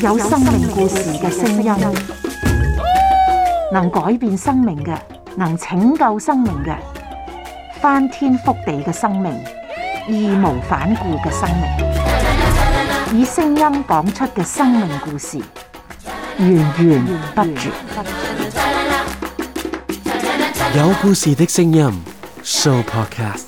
有生命故事嘅聲音，能改變生命嘅，能拯救生命嘅，翻天覆地嘅生命，義無反顧嘅生命，以聲音講出嘅生命故事，源源不絕。有故事嘅聲音，Show Podcast。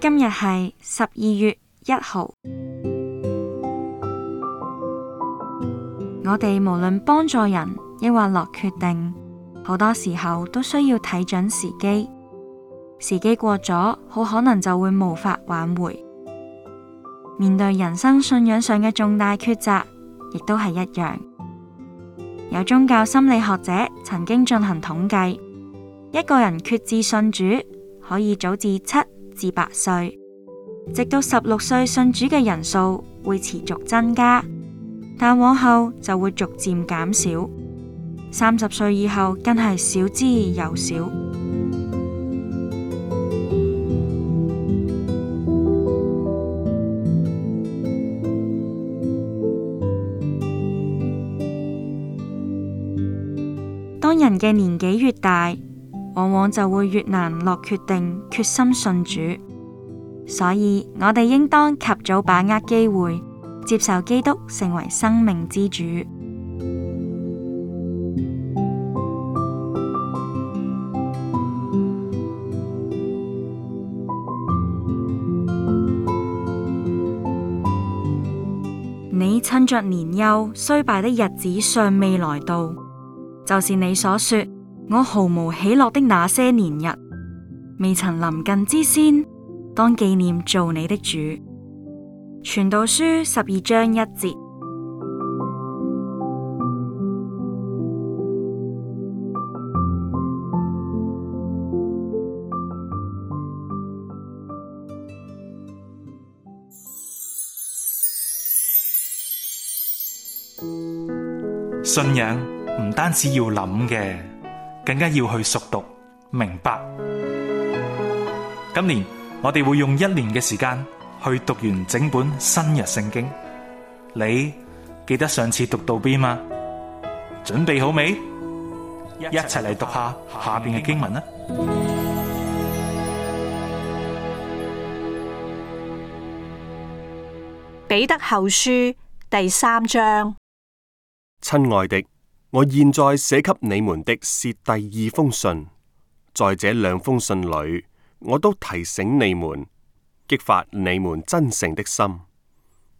今日係十二月一號。我哋無論幫助人，抑或落決定，好多時候都需要睇準時機。時機過咗，好可能就會無法挽回。面對人生信仰上嘅重大抉擇，亦都係一樣。有宗教心理學者曾經進行統計，一個人決志信主，可以早至七。至八歲，直到十六歲信主嘅人數會持續增加，但往後就會逐漸減少。三十歲以後，更係少之又少。 當人嘅年紀越大，往往就會越難落決定，決心信主，所以我哋應當及早把握機會，接受基督成為生命之主。 你趁着年幼衰敗的日子尚未來到，就是你所說。我毫無喜樂的那些年日，未曾臨近之先，當紀念做你的主。傳道書十二章一節。信仰唔單止要諗嘅。更加要去熟讀明白。今年我哋會用一年嘅時間去讀完整本新約聖經。你記得上次讀到邊嗎？準備好未？一齊嚟讀下下邊嘅經文啦。彼得後書第三章，親愛的。我現在寫給你們的是第二封信，在這兩封信裏，我都提醒你們，激發你們真誠的心，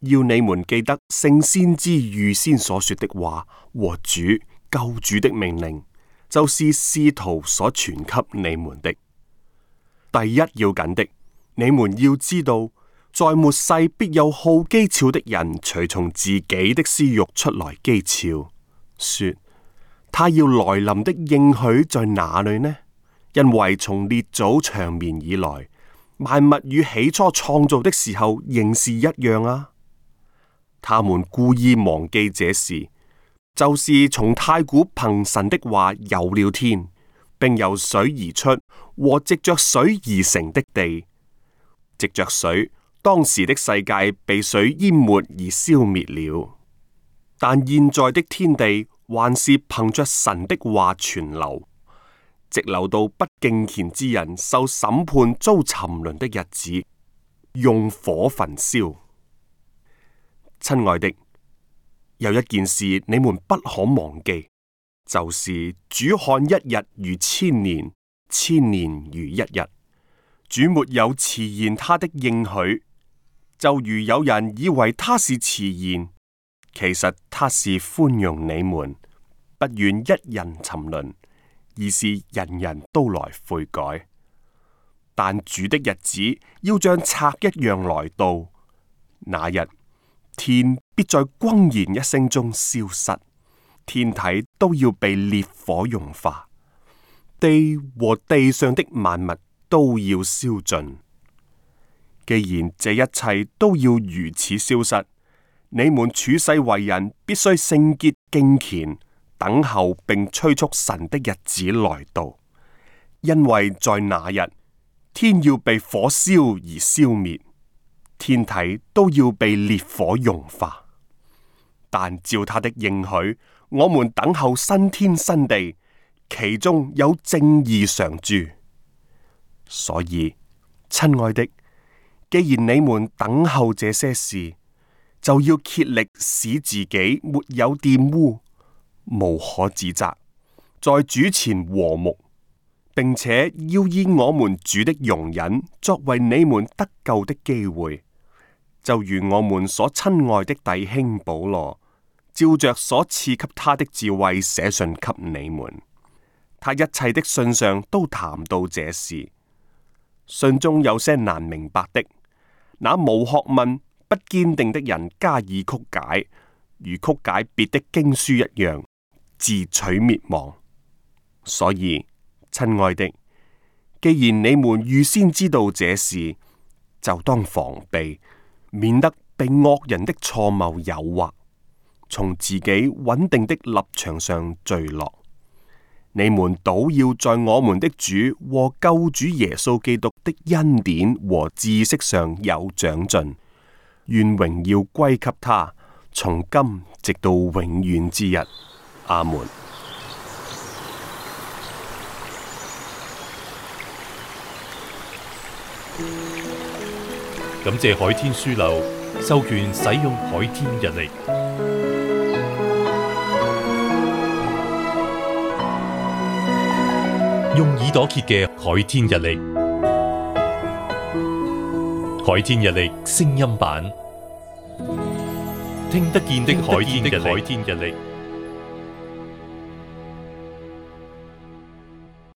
要你們記得聖先知預先所說的話和主救主的命令，就是使徒所傳給你們的。第一要緊的，你們要知道，在末世必有好譏誚的人，隨從自己的私欲出來譏誚。說他要來臨的應許在哪裏呢？因為從列祖長眠以來，萬物與起初創造的時候仍是一樣啊。他們故意忘記這事，就是從太古憑神的話有了天，並由水而出，和藉着水而成的地。藉着水，當時的世界被水淹沒而消滅了。但現在的天地還是憑着神的話存留，直留到不敬虔之人受審判、遭沉淪的日子，用火焚燒。親愛的，有一件事你們不可忘記，就是主看一日如千年，千年如一日。主沒有遲延他的應許，就如有人以為他是遲延。其實他是寬容你們，不願一人沉淪，而是人人都來悔改。但主的日子要像賊一樣來到，那日天必在轟然一聲中消失，天體都要被烈火融化，地和地上的萬物都要消盡。既然這一切都要如此消失，你們處世為人，必須聖潔敬虔，等候並催促神的日子來到，因為在那日，天要被火燒而消滅，天體都要被烈火融化。但照他的應許，我們等候新天新地，其中有正義常住。所以，親愛的，既然你們等候這些事，就要竭力使自己沒有玷污，無可指責，在主前和睦，並且要以我們主的容忍作為你們得救的機會。就如我們所親愛的弟兄保羅，照着所賜給他的智慧寫信給你們，他一切的信上都談到這事。信中有些難明白的，那無學問，不堅定的人加以曲解，如曲解別的經書一樣，自取滅亡。所以，親愛的，既然你們預先知道這事，就當防備，免得被惡人的錯謬誘惑，從自己穩定的立場上墜落。你們倒要在我們的主和救主耶穌基督的恩典和知識上有長進。願榮耀歸給他，從今直到永遠之日。阿門。感謝海天書樓，授權使用海天日曆，用耳朵揭嘅海天日曆。海天日曆聲音版，聽得見的海天日曆。